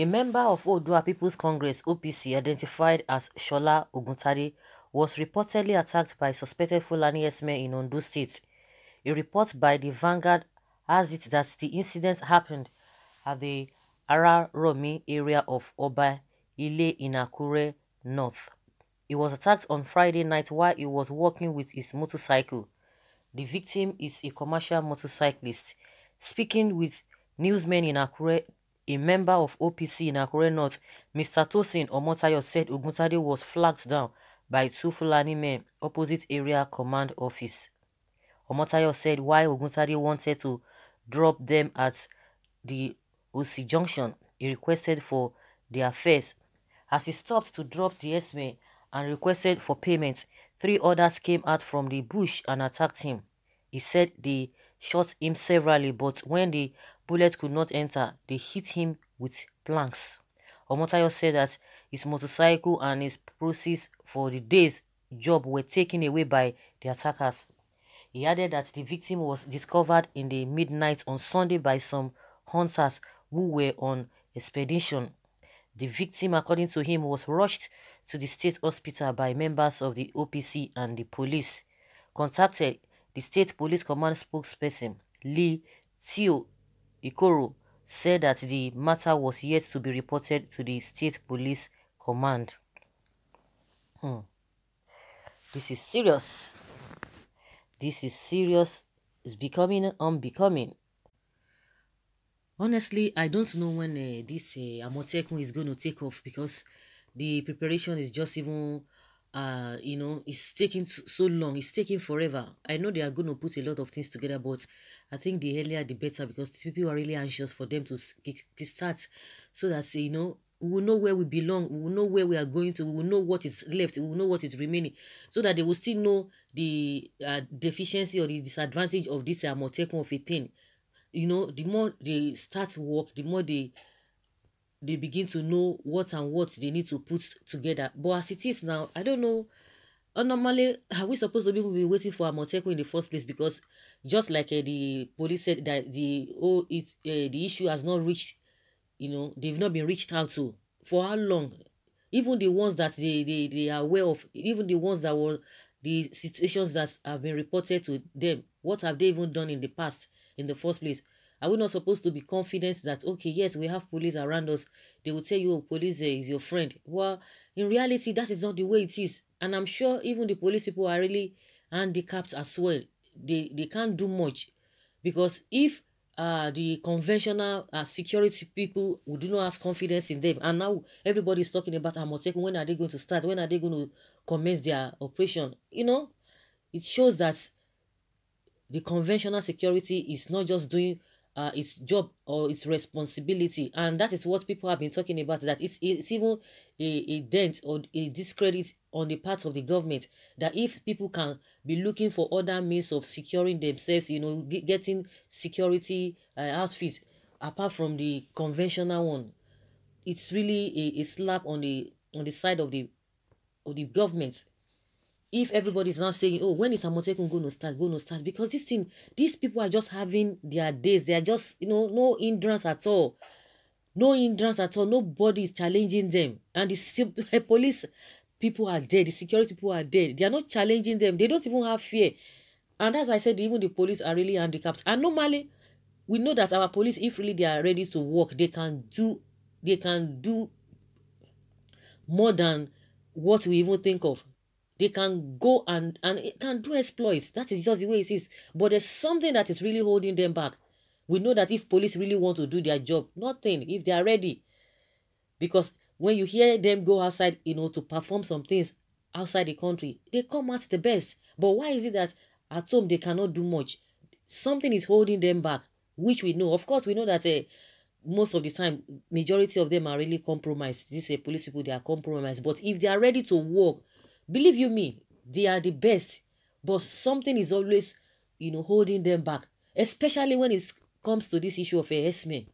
A member of Odua People's Congress OPC identified as Shola Oguntari was reportedly attacked by suspected Fulani extremists in Ondo State. A report by the Vanguard has it that the incident happened at the Araromi area of Oba Ile in Akure North. He was attacked on Friday night while he was walking with his motorcycle. The victim is a commercial motorcyclist. Speaking with newsmen in Akure, a member of OPC in Akure North, Mr. Tosin Omotayo said Oguntade was flagged down by two Fulani men opposite area command office. Omotayo said why Oguntade wanted to drop them at the Osi Junction, he requested for their affairs. As he stopped to drop the S-men and requested for payment, three others came out from the bush and attacked him. He said they shot him severally, but when the Bullet could not enter, they hit him with planks. Omotayo said that his motorcycle and his proceeds for the day's job were taken away by the attackers. He added that the victim was discovered in the midnight on Sunday by some hunters who were on expedition. The victim, according to him, was rushed to the state hospital by members of the OPC and the police. Contacted the state police command spokesperson, Lee Teo Ikoro said that the matter was yet to be reported to the state police command. Hmm. This is serious. This is serious. It's becoming unbecoming. Um, Honestly, I don't know when uh, this uh, Amotekun is going to take off because the preparation is just even uh you know it's taking so long it's taking forever i know they are going to put a lot of things together but i think the earlier the better because people are really anxious for them to start so that you know we will know where we belong we will know where we are going to we will know what is left we will know what is remaining so that they will still know the uh, deficiency or the disadvantage of this amotekun of a thing you know the more they start work the more they they begin to know what and what they need to put together. But as it is now, I don't know. normally, are we supposed to be, be waiting for Amoteco in the first place? Because just like uh, the police said that the oh, it, uh, the issue has not reached, you know, they've not been reached out to. For how long? Even the ones that they, they, they are aware of, even the ones that were the situations that have been reported to them, what have they even done in the past in the first place? Are we not supposed to be confident that, okay, yes, we have police around us. They will tell you, oh, police eh, is your friend. Well, in reality, that is not the way it is. And I'm sure even the police people are really handicapped as well. They, they can't do much because if uh, the conventional uh, security people we do not have confidence in them and now everybody is talking about Amoteku when are they going to start when are they going to commence their operation you know it shows that the conventional security is not just doing uh, its job or its responsibility and that is what people have been talking about that it's, it's even a, a dent or a discredit on the part of the government that if people can be looking for other means of securing themselves you know g- getting security uh, outfits apart from the conventional one it's really a, a slap on the on the side of the of the government if everybody's not saying, oh, when is Amotekun going to start, going to start? Because this thing, these people are just having their days. They are just, you know, no hindrance at all. No hindrance at all. Nobody is challenging them. And the police people are there. The security people are there. They are not challenging them. They don't even have fear. And that's why I said even the police are really handicapped. And normally, we know that our police, if really they are ready to work, they can do, they can do more than what we even think of They can go and and it can do exploits. That is just the way it is. But there's something that is really holding them back. We know that if police really want to do their job, nothing if they are ready. Because when you hear them go outside, you know, to perform some things outside the country, they come out the best. But why is it that at home they cannot do much? Something is holding them back, which we know. Of course, we know that uh, most of the time majority of them are really compromised these uh, police people they are compromised but if they are ready to work Believe you me, they are the best, but something is always, you know, holding them back, especially when it comes to this issue of a men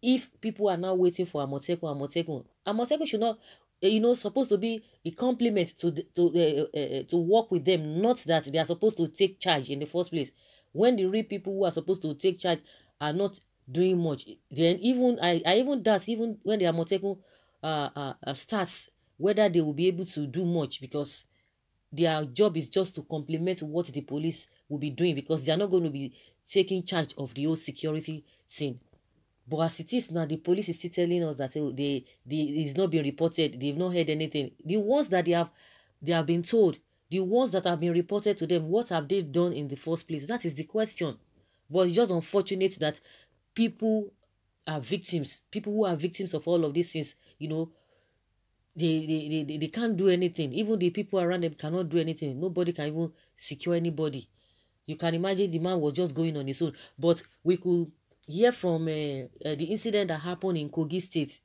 If people are now waiting for Amotekun, a Amotekun should not, eh, you know, supposed to be a compliment to to uh, uh, to work with them, not that they are supposed to take charge in the first place. When the real people who are supposed to take charge are not doing much, then even I, I even that even when the Amotekun uh, uh, uh starts whether they will be able to do much because their job is just to complement what the police will be doing because they are not going to be taking charge of the whole security thing. But as it is now, the police is still telling us that oh, they, they is not being reported. They've not heard anything. The ones that they have, they have been told, the ones that have been reported to them, what have they done in the first place? That is the question. But it's just unfortunate that people are victims. People who are victims of all of these things, you know, they, they, they, they can't do anything. Even the people around them cannot do anything. Nobody can even secure anybody. You can imagine the man was just going on his own. But we could hear from uh, uh, the incident that happened in Kogi State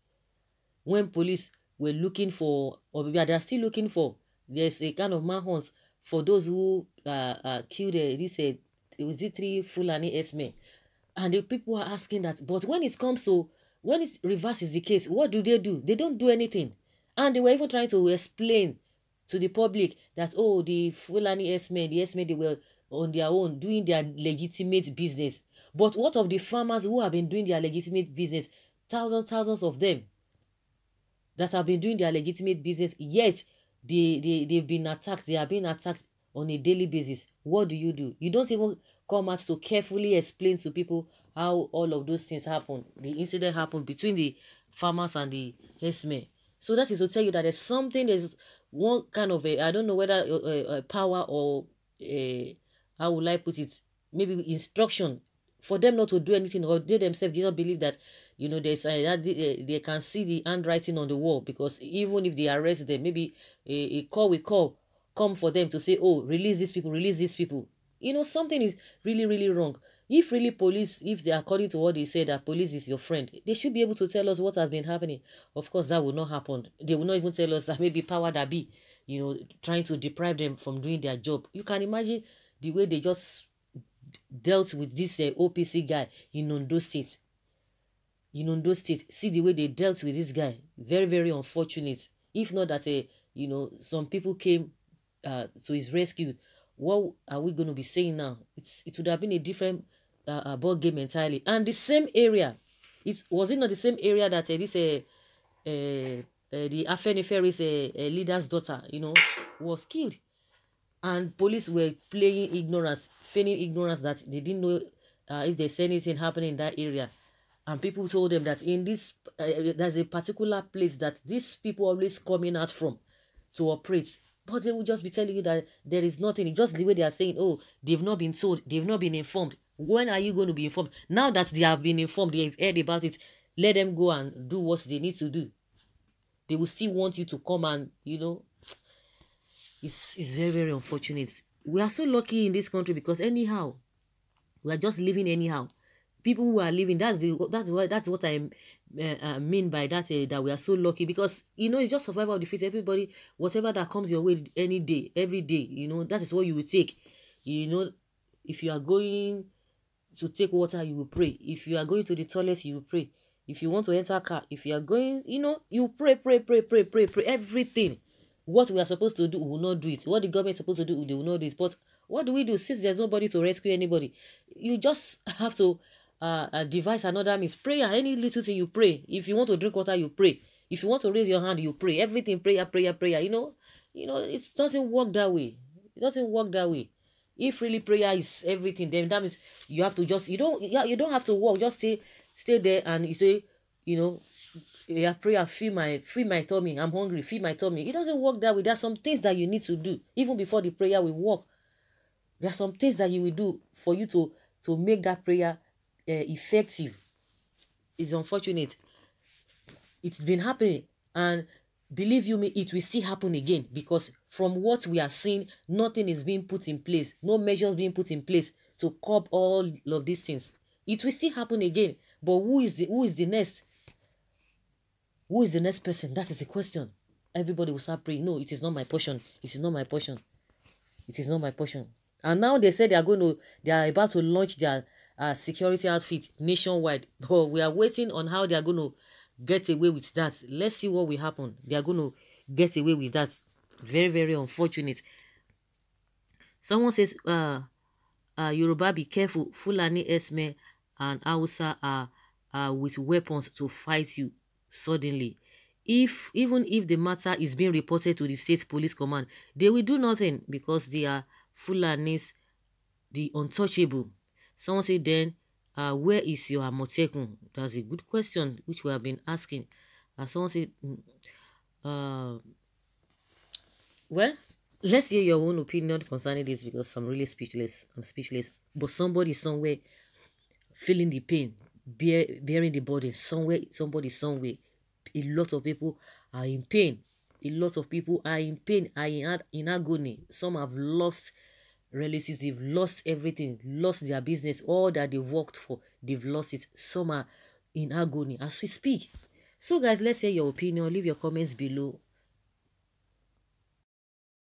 when police were looking for, or maybe they are still looking for, there's a kind of manhunt for those who uh, uh, killed uh, this, uh, it was the three Fulani Esme. And the people are asking that, but when it comes to, when it reverses the case, what do they do? They don't do anything. And they were even trying to explain to the public that, oh, the Fulani herdsmen, men the s they were on their own doing their legitimate business. But what of the farmers who have been doing their legitimate business? Thousands, thousands of them that have been doing their legitimate business, yet they, they, they've been attacked. They are being attacked on a daily basis. What do you do? You don't even come out to carefully explain to people how all of those things happen. The incident happened between the farmers and the herdsmen. So that is to tell you that there's something, there's one kind of a, I don't know whether a, uh, a, uh, a power or a, how would I put it, maybe instruction for them not to do anything or they themselves did not believe that you know there's uh, that they, they, can see the handwriting on the wall because even if they arrest them maybe a, a call will call come for them to say oh release these people release these people you know something is really really wrong if really police if they according to what they say that police is your friend they should be able to tell us what has been happening of course that will not happen they will not even tell us that maybe power that be you know trying to deprive them from doing their job you can imagine the way they just dealt with this uh, opc guy in ondo state in ondo state see the way they dealt with this guy very very unfortunate if not that uh, you know some people came uh, to his rescue what are we going to be saying now? It's, it would have been a different uh, uh ball game entirely. And the same area, it was it not the same area that uh, this uh, uh, uh, the Afeniferi's uh, uh, leader's daughter, you know, was killed, and police were playing ignorance, feigning ignorance that they didn't know uh, if there's anything happening in that area, and people told them that in this uh, there's a particular place that these people always coming out from to operate but they will just be telling you that there is nothing. Just the way they are saying, oh, they've not been told, they've not been informed. When are you going to be informed? Now that they have been informed, they've heard about it, let them go and do what they need to do. They will still want you to come and, you know, it's, it's very, very unfortunate. We are so lucky in this country because anyhow, we are just living anyhow. people who are living that's the that's what that's what i uh, uh, mean by that uh, that we are so lucky because you know it's just survival of the fit. everybody whatever that comes your way any day every day you know that is what you will take you know if you are going to take water you will pray if you are going to the toilet you will pray if you want to enter car if you are going you know you pray pray pray pray pray pray everything what we are supposed to do we will not do it what the government is supposed to do they will not do it but what do we do since there's nobody to rescue anybody you just have to uh, uh, device another means prayer any little thing you pray if you want to drink water you pray if you want to raise your hand you pray everything prayer prayer prayer you know you know it doesn't work that way it doesn't work that way if really prayer is everything then that means you have to just you don't you don't have to walk just stay stay there and you say you know yeah prayer feed my feed my tummy i'm hungry feed my tummy it doesn't work that way There are some things that you need to do even before the prayer will work There are some things that you will do for you to to make that prayer Eh, effective is unfortunate. It's been happening, and believe you me, it will still happen again because from what we are seeing, nothing is being put in place, no measures being put in place to curb all of these things. It will still happen again, but who is the who is the next? Who is the next person? That is the question. Everybody will start praying. No, it is not my portion. It is not my portion. It is not my portion. And now they say they are going to, they are about to launch their uh, security outfit nationwide. But we are waiting on how they are going to get away with that. Let's see what will happen. They are going to get away with that. Very, very unfortunate. Someone says, uh, uh, Yoruba, be careful. Fulani, Esme, and Hausa are, are with weapons to fight you suddenly. If Even if the matter is being reported to the state police command, they will do nothing because they are Fulanis, the untouchable. Someone said then, uh, where is your Amotekun? That's a good question which we have been asking. Uh, someone said, mm, uh, well, let's hear your own opinion concerning this because I'm really speechless. I'm speechless. But somebody somewhere feeling the pain, bear, bearing the burden. Somewhere, somebody somewhere. A lot of people are in pain. A lot of people are in pain, are in, in agony. Some have lost relatives, they've lost everything, lost their business, all that they've worked for, they've lost it. Some are in agony as we speak. So, guys, let's hear your opinion. Leave your comments below.